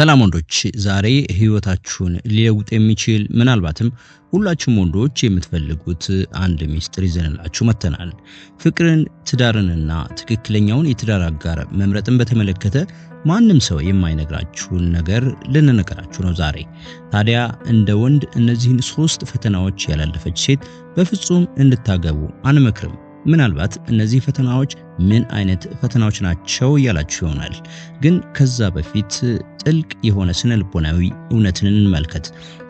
ሰላም ወንዶች፣ ዛሬ ህይወታችሁን ሊለውጥ የሚችል ምናልባትም ሁላችሁም ወንዶች የምትፈልጉት አንድ ሚስጥር ይዘንላችሁ መጥተናል። ፍቅርን፣ ትዳርንና ትክክለኛውን የትዳር አጋር መምረጥን በተመለከተ ማንም ሰው የማይነግራችሁን ነገር ልንነግራችሁ ነው ዛሬ። ታዲያ እንደ ወንድ እነዚህን ሶስት ፈተናዎች ያላለፈች ሴት በፍጹም እንድታገቡ አንመክርም። ምናልባት እነዚህ ፈተናዎች ምን አይነት ፈተናዎች ናቸው እያላችሁ ይሆናል። ግን ከዛ በፊት ጥልቅ የሆነ ስነ ልቦናዊ እውነትን እንመልከት።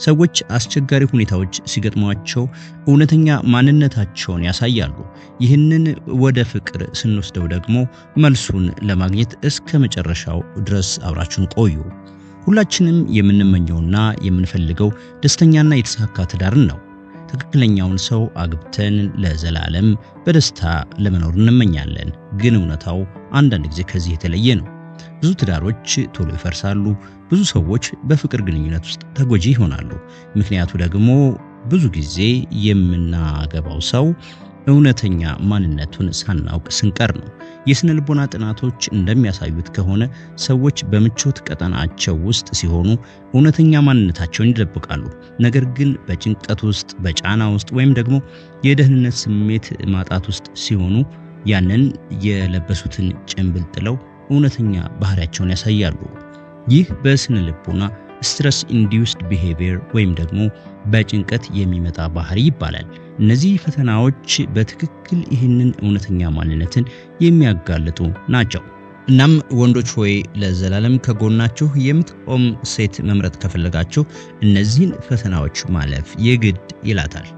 ሰዎች አስቸጋሪ ሁኔታዎች ሲገጥሟቸው እውነተኛ ማንነታቸውን ያሳያሉ። ይህንን ወደ ፍቅር ስንወስደው ደግሞ መልሱን ለማግኘት እስከ መጨረሻው ድረስ አብራችሁን ቆዩ። ሁላችንም የምንመኘውና የምንፈልገው ደስተኛና የተሳካ ትዳርን ነው። ትክክለኛውን ሰው አግብተን ለዘላለም በደስታ ለመኖር እንመኛለን። ግን እውነታው አንዳንድ ጊዜ ከዚህ የተለየ ነው። ብዙ ትዳሮች ቶሎ ይፈርሳሉ። ብዙ ሰዎች በፍቅር ግንኙነት ውስጥ ተጎጂ ይሆናሉ። ምክንያቱ ደግሞ ብዙ ጊዜ የምናገባው ሰው እውነተኛ ማንነቱን ሳናውቅ ስንቀር ነው። የስነ ልቦና ጥናቶች እንደሚያሳዩት ከሆነ ሰዎች በምቾት ቀጠናቸው ውስጥ ሲሆኑ እውነተኛ ማንነታቸውን ይደብቃሉ። ነገር ግን በጭንቀት ውስጥ፣ በጫና ውስጥ ወይም ደግሞ የደህንነት ስሜት ማጣት ውስጥ ሲሆኑ ያንን የለበሱትን ጭንብል ጥለው እውነተኛ ባህሪያቸውን ያሳያሉ። ይህ በስነ ልቦና ስትረስ ኢንዲስድ ቢሄቪየር ወይም ደግሞ በጭንቀት የሚመጣ ባህሪ ይባላል። እነዚህ ፈተናዎች በትክክል ይህንን እውነተኛ ማንነትን የሚያጋልጡ ናቸው። እናም ወንዶች ሆይ ለዘላለም ከጎናችሁ የምትቆም ሴት መምረጥ ከፈለጋችሁ እነዚህን ፈተናዎች ማለፍ የግድ ይላታል።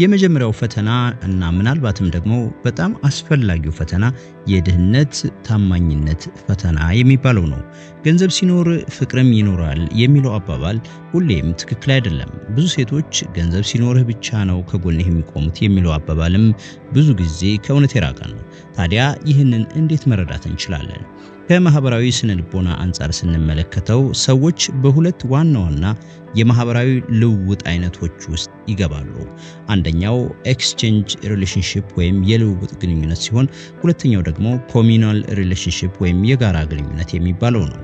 የመጀመሪያው ፈተና እና ምናልባትም ደግሞ በጣም አስፈላጊው ፈተና የድህነት ታማኝነት ፈተና የሚባለው ነው። ገንዘብ ሲኖር ፍቅርም ይኖራል የሚለው አባባል ሁሌም ትክክል አይደለም። ብዙ ሴቶች ገንዘብ ሲኖርህ ብቻ ነው ከጎንህ የሚቆሙት የሚለው አባባልም ብዙ ጊዜ ከእውነት የራቀ ነው። ታዲያ ይህንን እንዴት መረዳት እንችላለን? ከማህበራዊ ስነልቦና አንጻር ስንመለከተው ሰዎች በሁለት ዋና ዋና የማህበራዊ ልውውጥ አይነቶች ውስጥ ይገባሉ። አንደኛው ኤክስቼንጅ ሪሌሽንሺፕ ወይም የልውውጥ ግንኙነት ሲሆን፣ ሁለተኛው ደግሞ ኮሚናል ሪሌሽንሺፕ ወይም የጋራ ግንኙነት የሚባለው ነው።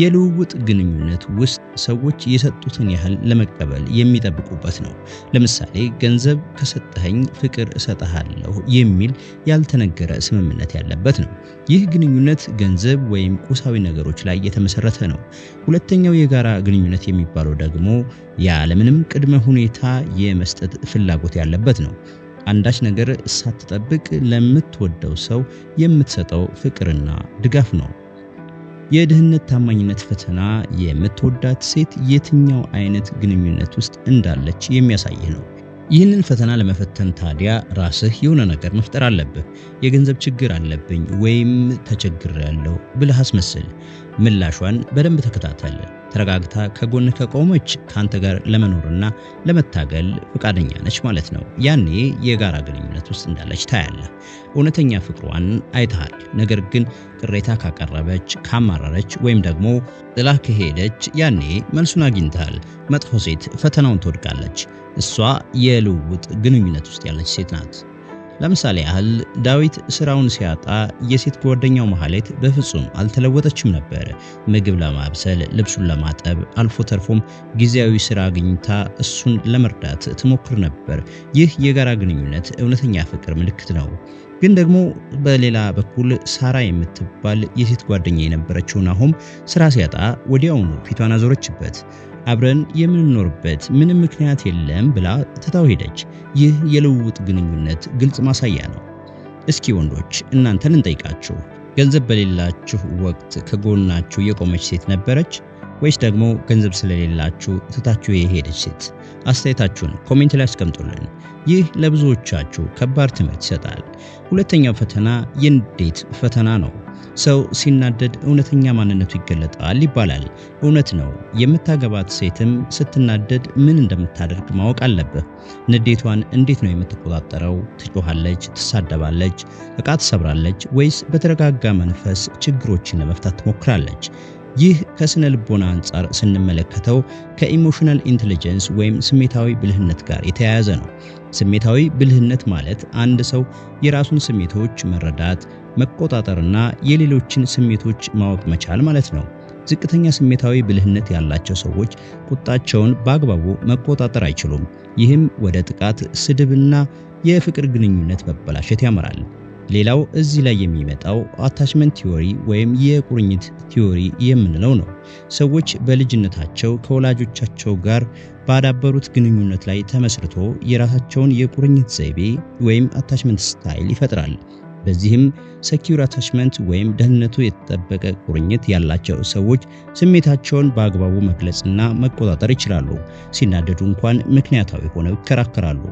የልውውጥ ግንኙነት ውስጥ ሰዎች የሰጡትን ያህል ለመቀበል የሚጠብቁበት ነው። ለምሳሌ ገንዘብ ከሰጠኸኝ ፍቅር እሰጠሃለሁ የሚል ያልተነገረ ስምምነት ያለበት ነው። ይህ ግንኙነት ገንዘብ ወይም ቁሳዊ ነገሮች ላይ የተመሰረተ ነው። ሁለተኛው የጋራ ግንኙነት የሚባለው ደግሞ ያለምንም ቅድመ ሁኔታ የመስጠት ፍላጎት ያለበት ነው። አንዳች ነገር ሳትጠብቅ ለምትወደው ሰው የምትሰጠው ፍቅርና ድጋፍ ነው። የድህነት ታማኝነት ፈተና የምትወዳት ሴት የትኛው አይነት ግንኙነት ውስጥ እንዳለች የሚያሳይ ነው። ይህንን ፈተና ለመፈተን ታዲያ ራስህ የሆነ ነገር መፍጠር አለብህ። የገንዘብ ችግር አለብኝ ወይም ተቸግሬያለሁ ብለህ አስመስል። ምላሿን በደንብ ተከታተል። ተረጋግታ ከጎን ከቆመች ካንተ ጋር ለመኖርና ለመታገል ፈቃደኛ ነች ማለት ነው። ያኔ የጋራ ግንኙነት ውስጥ እንዳለች ታያለህ። እውነተኛ ፍቅሯን አይተሃል። ነገር ግን ቅሬታ ካቀረበች፣ ካማረረች ወይም ደግሞ ጥላ ከሄደች ያኔ መልሱን አግኝተሃል። መጥፎ ሴት ፈተናውን ትወድቃለች። እሷ የልውውጥ ግንኙነት ውስጥ ያለች ሴት ናት። ለምሳሌ ያህል ዳዊት ስራውን ሲያጣ የሴት ጓደኛው ማህሌት በፍጹም አልተለወጠችም ነበር። ምግብ ለማብሰል፣ ልብሱን ለማጠብ አልፎ ተርፎም ጊዜያዊ ስራ አግኝታ እሱን ለመርዳት ትሞክር ነበር። ይህ የጋራ ግንኙነት እውነተኛ ፍቅር ምልክት ነው። ግን ደግሞ በሌላ በኩል ሳራ የምትባል የሴት ጓደኛ የነበረችው ናሆም ስራ ሲያጣ ወዲያውኑ ፊቷን አዞረችበት። አብረን የምንኖርበት ምንም ምክንያት የለም ብላ ትታው ሄደች። ይህ የልውውጥ ግንኙነት ግልጽ ማሳያ ነው። እስኪ ወንዶች እናንተን እንጠይቃችሁ፣ ገንዘብ በሌላችሁ ወቅት ከጎናችሁ የቆመች ሴት ነበረች ወይስ ደግሞ ገንዘብ ስለሌላችሁ ትታችሁ የሄደች ሴት? አስተያየታችሁን ኮሜንት ላይ አስቀምጡልን። ይህ ለብዙዎቻችሁ ከባድ ትምህርት ይሰጣል። ሁለተኛው ፈተና የንዴት ፈተና ነው። ሰው ሲናደድ እውነተኛ ማንነቱ ይገለጣል ይባላል። እውነት ነው። የምታገባት ሴትም ስትናደድ ምን እንደምታደርግ ማወቅ አለብህ። ንዴቷን እንዴት ነው የምትቆጣጠረው? ትጮኻለች፣ ትሳደባለች፣ ዕቃ ትሰብራለች፣ ወይስ በተረጋጋ መንፈስ ችግሮችን ለመፍታት ትሞክራለች? ይህ ከስነ ልቦና አንጻር ስንመለከተው ከኢሞሽናል ኢንተለጀንስ ወይም ስሜታዊ ብልህነት ጋር የተያያዘ ነው። ስሜታዊ ብልህነት ማለት አንድ ሰው የራሱን ስሜቶች መረዳት፣ መቆጣጠርና የሌሎችን ስሜቶች ማወቅ መቻል ማለት ነው። ዝቅተኛ ስሜታዊ ብልህነት ያላቸው ሰዎች ቁጣቸውን በአግባቡ መቆጣጠር አይችሉም። ይህም ወደ ጥቃት፣ ስድብና የፍቅር ግንኙነት መበላሸት ያመራል። ሌላው እዚህ ላይ የሚመጣው አታችመንት ቲዎሪ ወይም የቁርኝት ቲዎሪ የምንለው ነው። ሰዎች በልጅነታቸው ከወላጆቻቸው ጋር ባዳበሩት ግንኙነት ላይ ተመስርቶ የራሳቸውን የቁርኝት ዘይቤ ወይም አታችመንት ስታይል ይፈጥራል። በዚህም ሰኪውር አታችመንት ወይም ደህንነቱ የተጠበቀ ቁርኝት ያላቸው ሰዎች ስሜታቸውን በአግባቡ መግለጽና መቆጣጠር ይችላሉ። ሲናደዱ እንኳን ምክንያታዊ ሆነው ይከራከራሉ።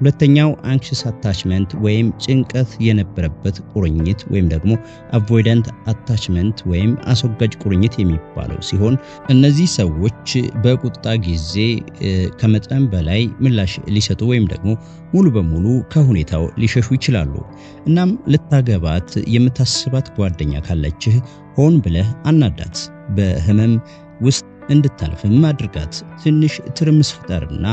ሁለተኛው አንክሽስ አታችመንት ወይም ጭንቀት የነበረበት ቁርኝት ወይም ደግሞ አቮይደንት አታችመንት ወይም አስወጋጅ ቁርኝት የሚባለው ሲሆን እነዚህ ሰዎች በቁጣ ጊዜ ከመጠን በላይ ምላሽ ሊሰጡ ወይም ደግሞ ሙሉ በሙሉ ከሁኔታው ሊሸሹ ይችላሉ። እናም ልታገባት የምታስባት ጓደኛ ካለችህ ሆን ብለህ አናዳት። በህመም ውስጥ እንድታልፍም አድርጋት። ትንሽ ትርምስ ፍጠርና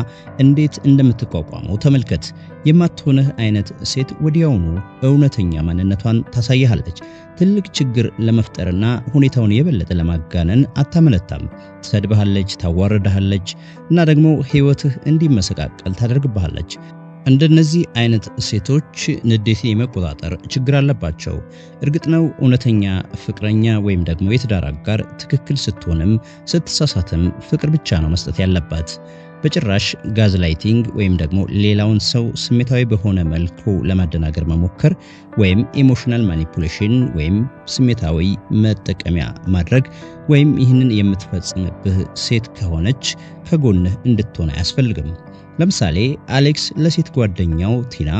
እንዴት እንደምትቋቋመው ተመልከት። የማትሆነህ አይነት ሴት ወዲያውኑ እውነተኛ ማንነቷን ታሳይሃለች። ትልቅ ችግር ለመፍጠርና ሁኔታውን የበለጠ ለማጋነን አታመነታም። ትሰድብሃለች፣ ታዋርድሃለች እና ደግሞ ሕይወትህ እንዲመሰቃቀል ታደርግብሃለች። እንደነዚህ አይነት ሴቶች ንዴትን የመቆጣጠር ችግር አለባቸው። እርግጥ ነው እውነተኛ ፍቅረኛ ወይም ደግሞ የትዳር አጋር ትክክል ስትሆንም ስትሳሳትም ፍቅር ብቻ ነው መስጠት ያለባት። በጭራሽ ላይቲንግ ወይም ደግሞ ሌላውን ሰው ስሜታዊ በሆነ መልኩ ለማደናገር መሞከር ወይም ኢሞሽናል ማኒፑሌሽን ወይም ስሜታዊ መጠቀሚያ ማድረግ ወይም ይህንን የምትፈጽምብህ ሴት ከሆነች ከጎንህ እንድትሆን አያስፈልግም። ለምሳሌ አሌክስ ለሴት ጓደኛው ቲና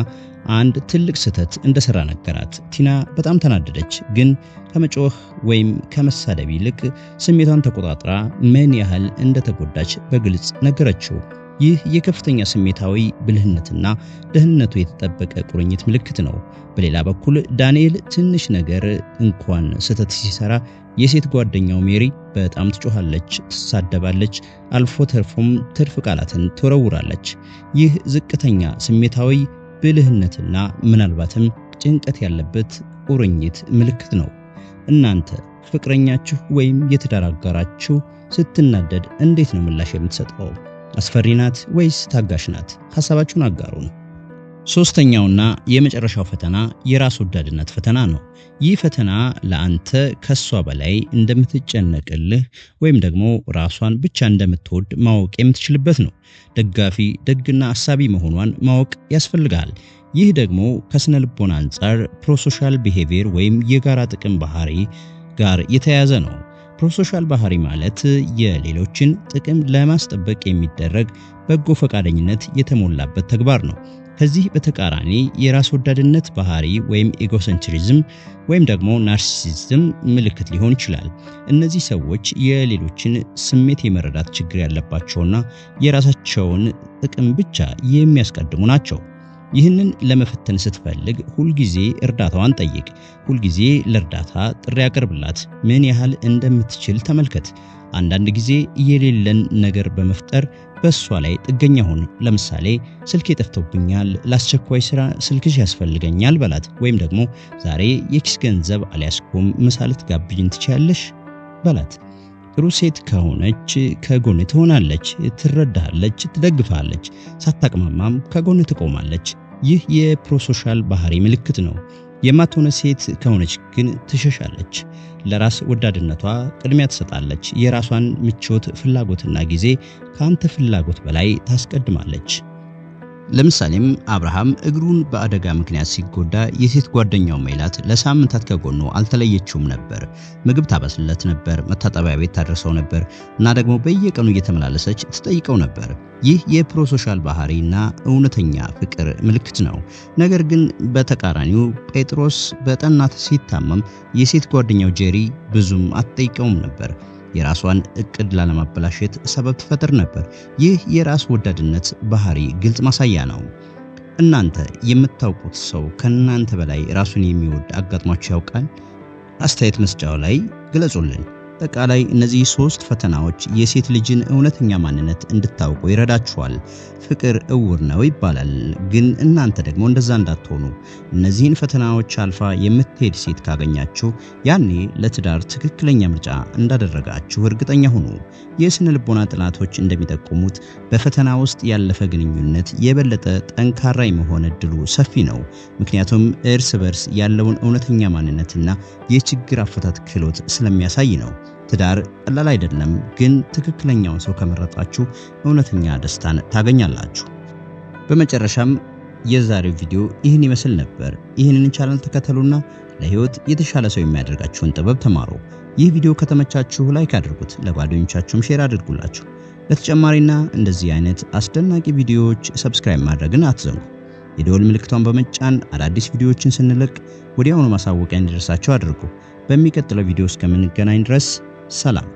አንድ ትልቅ ስህተት እንደሰራ ነገራት። ቲና በጣም ተናደደች፣ ግን ከመጮህ ወይም ከመሳደብ ይልቅ ስሜቷን ተቆጣጥራ ምን ያህል እንደተጎዳች በግልጽ ነገረችው። ይህ የከፍተኛ ስሜታዊ ብልህነትና ደህንነቱ የተጠበቀ ቁርኝት ምልክት ነው። በሌላ በኩል ዳንኤል ትንሽ ነገር እንኳን ስህተት ሲሰራ የሴት ጓደኛው ሜሪ በጣም ትጮኻለች፣ ትሳደባለች፣ አልፎ ተርፎም ትርፍ ቃላትን ትወረውራለች። ይህ ዝቅተኛ ስሜታዊ ብልህነትና ምናልባትም ጭንቀት ያለበት ቁርኝት ምልክት ነው። እናንተ ፍቅረኛችሁ ወይም የትዳር አጋራችሁ ስትናደድ እንዴት ነው ምላሽ የምትሰጠው? አስፈሪ ናት ወይስ ታጋሽ ናት? ሐሳባችሁን አጋሩን። ሶስተኛውና የመጨረሻው ፈተና የራስ ወዳድነት ፈተና ነው። ይህ ፈተና ለአንተ ከሷ በላይ እንደምትጨነቅልህ ወይም ደግሞ ራሷን ብቻ እንደምትወድ ማወቅ የምትችልበት ነው። ደጋፊ፣ ደግና አሳቢ መሆኗን ማወቅ ያስፈልጋል። ይህ ደግሞ ከስነ ልቦና አንጻር ፕሮሶሻል ቢሄቪየር ወይም የጋራ ጥቅም ባህሪ ጋር የተያያዘ ነው። ፕሮሶሻል ባህሪ ማለት የሌሎችን ጥቅም ለማስጠበቅ የሚደረግ በጎ ፈቃደኝነት የተሞላበት ተግባር ነው። ከዚህ በተቃራኒ የራስ ወዳድነት ባህሪ ወይም ኢጎሰንትሪዝም ወይም ደግሞ ናርሲሲዝም ምልክት ሊሆን ይችላል። እነዚህ ሰዎች የሌሎችን ስሜት የመረዳት ችግር ያለባቸውና የራሳቸውን ጥቅም ብቻ የሚያስቀድሙ ናቸው። ይህንን ለመፈተን ስትፈልግ ሁልጊዜ እርዳታዋን ጠይቅ። ሁልጊዜ ለእርዳታ ጥሪ አቅርብላት። ምን ያህል እንደምትችል ተመልከት። አንዳንድ ጊዜ የሌለን ነገር በመፍጠር በእሷ ላይ ጥገኛ ሁን። ለምሳሌ ስልኬ ጠፍቶብኛል፣ ለአስቸኳይ ስራ ስልክሽ ያስፈልገኛል በላት። ወይም ደግሞ ዛሬ የኪስ ገንዘብ አልያዝኩም፣ ምሳ ልትጋብዥኝ ትችያለሽ በላት። ጥሩ ሴት ከሆነች ከጎን ትሆናለች፣ ትረዳሃለች፣ ትደግፋለች፣ ሳታቅማማም ከጎን ትቆማለች። ይህ የፕሮሶሻል ባህሪ ምልክት ነው። የማትሆነ ሴት ከሆነች ግን ትሸሻለች። ለራስ ወዳድነቷ ቅድሚያ ትሰጣለች። የራሷን ምቾት፣ ፍላጎትና ጊዜ ከአንተ ፍላጎት በላይ ታስቀድማለች። ለምሳሌም አብርሃም እግሩን በአደጋ ምክንያት ሲጎዳ የሴት ጓደኛው ሜላት ለሳምንታት ከጎኑ አልተለየችውም ነበር። ምግብ ታበስለት ነበር፣ መታጠቢያ ቤት ታደርሰው ነበር እና ደግሞ በየቀኑ እየተመላለሰች ትጠይቀው ነበር። ይህ የፕሮሶሻል ባህሪና እውነተኛ ፍቅር ምልክት ነው። ነገር ግን በተቃራኒው ጴጥሮስ በጠናት ሲታመም የሴት ጓደኛው ጄሪ ብዙም አትጠይቀውም ነበር። የራሷን እቅድ ላለማበላሸት ሰበብ ትፈጥር ነበር። ይህ የራስ ወዳድነት ባህሪ ግልጽ ማሳያ ነው። እናንተ የምታውቁት ሰው ከእናንተ በላይ ራሱን የሚወድ አጋጥሟችሁ ያውቃል? አስተያየት መስጫው ላይ ግለጹልን። በአጠቃላይ እነዚህ ሶስት ፈተናዎች የሴት ልጅን እውነተኛ ማንነት እንድታውቁ ይረዳችኋል። ፍቅር እውር ነው ይባላል፣ ግን እናንተ ደግሞ እንደዛ እንዳትሆኑ። እነዚህን ፈተናዎች አልፋ የምትሄድ ሴት ካገኛችሁ ያኔ ለትዳር ትክክለኛ ምርጫ እንዳደረጋችሁ እርግጠኛ ሁኑ። የስነ ልቦና ጥናቶች እንደሚጠቁሙት በፈተና ውስጥ ያለፈ ግንኙነት የበለጠ ጠንካራ የመሆን እድሉ ሰፊ ነው። ምክንያቱም እርስ በርስ ያለውን እውነተኛ ማንነትና የችግር አፈታት ክህሎት ስለሚያሳይ ነው። ትዳር ቀላል አይደለም፣ ግን ትክክለኛውን ሰው ከመረጣችሁ እውነተኛ ደስታን ታገኛላችሁ። በመጨረሻም የዛሬው ቪዲዮ ይህን ይመስል ነበር። ይህንን ቻናል ተከተሉና ለህይወት የተሻለ ሰው የሚያደርጋችሁን ጥበብ ተማሩ። ይህ ቪዲዮ ከተመቻችሁ ላይክ አድርጉት፣ ለጓደኞቻችሁም ሼር አድርጉላችሁ። ለተጨማሪና እንደዚህ አይነት አስደናቂ ቪዲዮዎች ሰብስክራይብ ማድረግን አትዘንጉ። የደወል ምልክቷን በመጫን አዳዲስ ቪዲዮዎችን ስንለቅ ወዲያውኑ ማሳወቂያ እንዲደርሳችሁ አድርጉ። በሚቀጥለው ቪዲዮ እስከምንገናኝ ድረስ ሰላም።